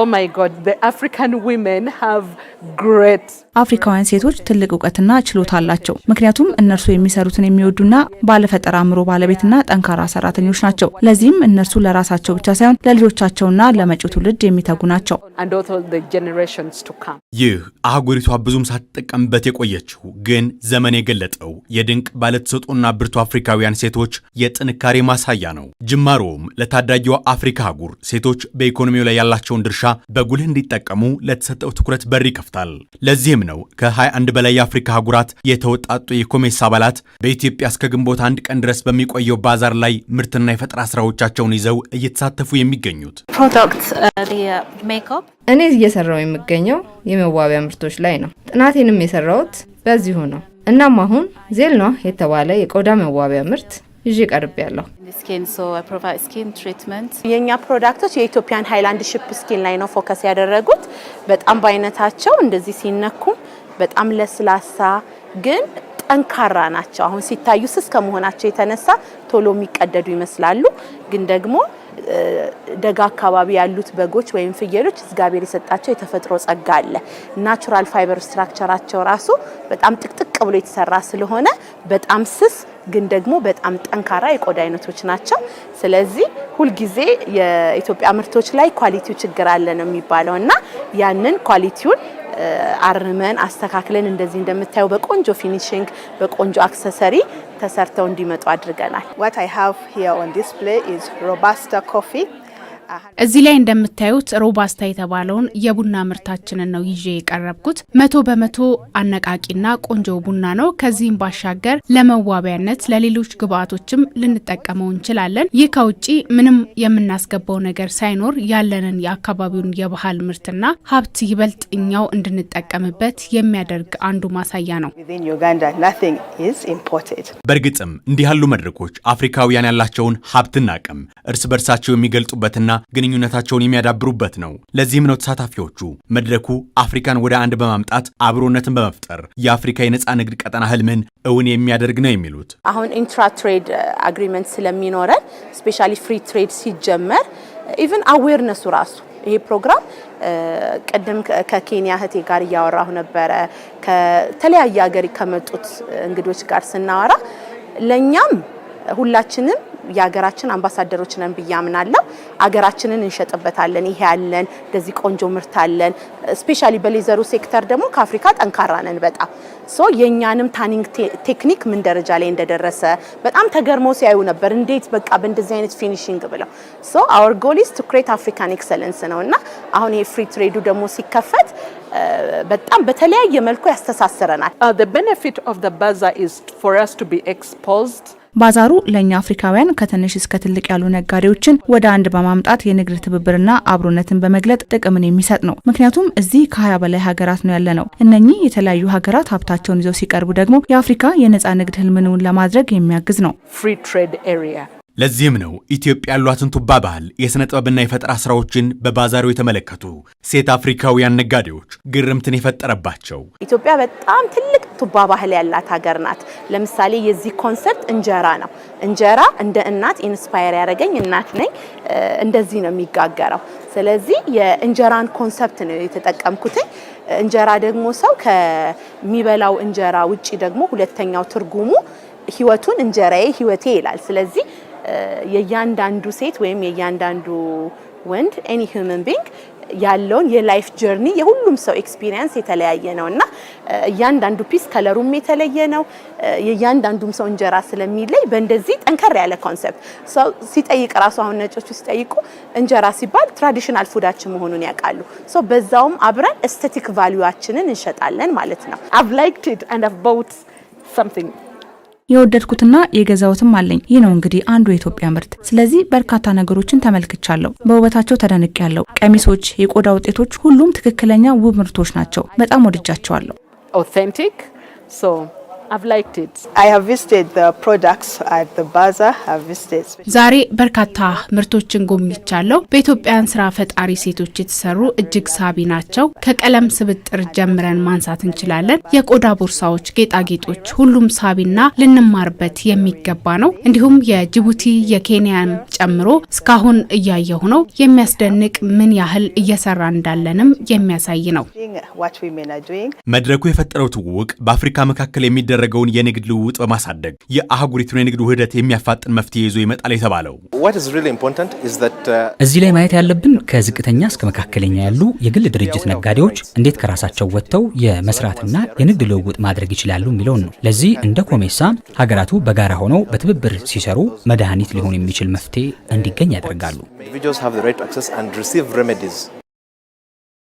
Oh አፍሪካውያን ሴቶች ትልቅ እውቀትና ችሎታ አላቸው። ምክንያቱም እነርሱ የሚሰሩትን የሚወዱና ባለፈጠራ አእምሮ ባለቤትና ጠንካራ ሰራተኞች ናቸው። ለዚህም እነርሱ ለራሳቸው ብቻ ሳይሆን ለልጆቻቸውና ለመጪው ትውልድ የሚተጉ ናቸው። ይህ አህጉሪቷ ብዙም ሳትጠቀምበት የቆየችው ግን ዘመን የገለጠው የድንቅ ባለተሰጥኦና ብርቱ አፍሪካውያን ሴቶች የጥንካሬ ማሳያ ነው። ጅማሮውም ለታዳጊዋ አፍሪካ አህጉር ሴቶች በኢኮኖሚው ላይ ያላቸውን ድርሻ በጉልህ እንዲጠቀሙ ለተሰጠው ትኩረት በር ይከፍታል። ለዚህም ነው ከ21 በላይ የአፍሪካ አህጉራት የተወጣጡ የኮሜሳ አባላት በኢትዮጵያ እስከ ግንቦት አንድ ቀን ድረስ በሚቆየው ባዛር ላይ ምርትና የፈጠራ ስራዎቻቸውን ይዘው እየተሳተፉ የሚገኙት። እኔ እየሰራው የሚገኘው የመዋቢያ ምርቶች ላይ ነው። ጥናቴንም የሰራሁት በዚሁ ነው። እናም አሁን ዜልኗ የተባለ የቆዳ መዋቢያ ምርት ይዤ ቀርብ ያለሁ የእኛ ፕሮዳክቶች የኢትዮጵያን ሃይላንድ ሽፕ ስኪን ላይ ነው ፎከስ ያደረጉት። በጣም በአይነታቸው እንደዚህ ሲነኩም በጣም ለስላሳ ግን ጠንካራ ናቸው። አሁን ሲታዩ ስስ ከመሆናቸው የተነሳ ቶሎ የሚቀደዱ ይመስላሉ ግን ደግሞ ደጋ አካባቢ ያሉት በጎች ወይም ፍየሎች እግዚአብሔር የሰጣቸው የተፈጥሮ ጸጋ አለ። ናቹራል ፋይበር ስትራክቸራቸው ራሱ በጣም ጥቅጥቅ ብሎ የተሰራ ስለሆነ በጣም ስስ ግን ደግሞ በጣም ጠንካራ የቆዳ አይነቶች ናቸው። ስለዚህ ሁልጊዜ የኢትዮጵያ ምርቶች ላይ ኳሊቲው ችግር አለ ነው የሚባለው እና ያንን ኳሊቲውን አርመን አስተካክለን እንደዚህ እንደምታየው በቆንጆ ፊኒሽንግ በቆንጆ አክሰሰሪ ተሰርተው እንዲመጡ አድርገናል። ዋት I have here on display is እዚህ ላይ እንደምታዩት ሮባስታ የተባለውን የቡና ምርታችንን ነው ይዤ የቀረብኩት። መቶ በመቶ አነቃቂና ቆንጆ ቡና ነው። ከዚህም ባሻገር ለመዋቢያነት፣ ለሌሎች ግብአቶችም ልንጠቀመው እንችላለን። ይህ ከውጭ ምንም የምናስገባው ነገር ሳይኖር ያለንን የአካባቢውን የባህል ምርትና ሀብት ይበልጥ እኛው እንድንጠቀምበት የሚያደርግ አንዱ ማሳያ ነው። በእርግጥም እንዲህ ያሉ መድረኮች አፍሪካውያን ያላቸውን ሀብትና አቅም እርስ በርሳቸው የሚገልጡበትና ግንኙነታቸውን የሚያዳብሩበት ነው። ለዚህም ነው ተሳታፊዎቹ መድረኩ አፍሪካን ወደ አንድ በማምጣት አብሮነትን በመፍጠር የአፍሪካ የነፃ ንግድ ቀጠና ህልምን እውን የሚያደርግ ነው የሚሉት አሁን ኢንትራትሬድ አግሪመንት uh, ስለሚኖረን ስፔሻሊ ፍሪ ትሬድ ሲጀመር ኢቨን አዌርነሱ ራሱ ይሄ ፕሮግራም uh, ቅድም ከኬንያ እህቴ ጋር እያወራሁ ነበረ። ከተለያየ ሀገር ከመጡት እንግዶች ጋር ስናወራ ለእኛም ሁላችንም የሀገራችን አምባሳደሮች ነን ብዬ አምናለሁ። አገራችንን እንሸጥበታለን። ይሄ ያለን እንደዚህ ቆንጆ ምርት አለን። ስፔሻሊ በሌዘሩ ሴክተር ደግሞ ከአፍሪካ ጠንካራ ነን በጣም ሶ የእኛንም ታኒንግ ቴክኒክ ምን ደረጃ ላይ እንደደረሰ በጣም ተገርመው ሲያዩ ነበር። እንዴት በቃ በእንደዚህ አይነት ፊኒሽንግ ብለው ሶ አወር ጎሊስ ቱ ክሬት አፍሪካን ኤክሰለንስ ነው እና አሁን ፍሪ ትሬዱ ደግሞ ሲከፈት በጣም በተለያየ መልኩ ያስተሳስረናል። uh, ባዛሩ ለእኛ አፍሪካውያን ከትንሽ እስከ ትልቅ ያሉ ነጋዴዎችን ወደ አንድ በማምጣት የንግድ ትብብርና አብሮነትን በመግለጥ ጥቅምን የሚሰጥ ነው። ምክንያቱም እዚህ ከሀያ በላይ ሀገራት ነው ያለ ነው። እነኚህ የተለያዩ ሀገራት ሀብታቸውን ይዘው ሲቀርቡ ደግሞ የአፍሪካ የነፃ ንግድ ህልምንውን ለማድረግ የሚያግዝ ነው። ለዚህም ነው ኢትዮጵያ ያሏትን ቱባ ባህል የሥነ ጥበብና የፈጠራ ስራዎችን በባዛሩ የተመለከቱ ሴት አፍሪካውያን ነጋዴዎች ግርምትን የፈጠረባቸው። ኢትዮጵያ በጣም ትልቅ ቱባ ባህል ያላት ሀገር ናት። ለምሳሌ የዚህ ኮንሰርት እንጀራ ነው። እንጀራ እንደ እናት ኢንስፓየር ያደረገኝ እናት ነኝ። እንደዚህ ነው የሚጋገረው። ስለዚህ የእንጀራን ኮንሰፕት ነው የተጠቀምኩትኝ። እንጀራ ደግሞ ሰው ከሚበላው እንጀራ ውጪ ደግሞ ሁለተኛው ትርጉሙ ህይወቱን እንጀራዬ ህይወቴ ይላል። ስለዚህ የእያንዳንዱ ሴት ወይም የእያንዳንዱ ወንድ ኤኒ ሂውመን ቢንግ ያለውን የላይፍ ጀርኒ የሁሉም ሰው ኤክስፒሪየንስ የተለያየ ነው እና እያንዳንዱ ፒስ ከለሩም የተለየ ነው። የእያንዳንዱም ሰው እንጀራ ስለሚለይ በእንደዚህ ጠንከር ያለ ኮንሰፕት ሰው ሲጠይቅ ራሱ አሁን ነጮቹ ሲጠይቁ እንጀራ ሲባል ትራዲሽናል ፉዳችን መሆኑን ያውቃሉ። በዛውም አብረን ኤስቴቲክ ቫሊዩችንን እንሸጣለን ማለት ነው። አቭ ላይክድ አቭ ቦት ሰምቲንግ የወደድኩትና የገዛውትም አለኝ። ይህ ነው እንግዲህ አንዱ የኢትዮጵያ ምርት። ስለዚህ በርካታ ነገሮችን ተመልክቻለሁ። በውበታቸው ተደንቅ ያለው ቀሚሶች፣ የቆዳ ውጤቶች፣ ሁሉም ትክክለኛ ውብ ምርቶች ናቸው። በጣም ወድጃቸዋለሁ። ኦቴንቲክ ዛሬ በርካታ ምርቶችን ጎብኝቻለሁ። በኢትዮጵያን ስራ ፈጣሪ ሴቶች የተሰሩ እጅግ ሳቢ ናቸው። ከቀለም ስብጥር ጀምረን ማንሳት እንችላለን። የቆዳ ቦርሳዎች፣ ጌጣጌጦች፣ ሁሉም ሳቢና ልንማርበት የሚገባ ነው። እንዲሁም የጅቡቲ የኬንያን ጨምሮ እስካሁን እያየሁ ነው። የሚያስደንቅ ምን ያህል እየሰራ እንዳለንም የሚያሳይ ነው። መድረኩ የፈጠረው ትውውቅ በአፍሪካ መካከል የሚደ የሚደረገውን የንግድ ልውውጥ በማሳደግ የአህጉሪቱን የንግድ ውህደት የሚያፋጥን መፍትሄ ይዞ ይመጣል የተባለው። uh, እዚህ ላይ ማየት ያለብን ከዝቅተኛ እስከ መካከለኛ ያሉ የግል ድርጅት ነጋዴዎች እንዴት ከራሳቸው ወጥተው የመስራትና የንግድ ልውውጥ ማድረግ ይችላሉ የሚለውን ነው። ለዚህ እንደ ኮሜሳ ሀገራቱ በጋራ ሆነው በትብብር ሲሰሩ መድኃኒት ሊሆን የሚችል መፍትሄ እንዲገኝ ያደርጋሉ።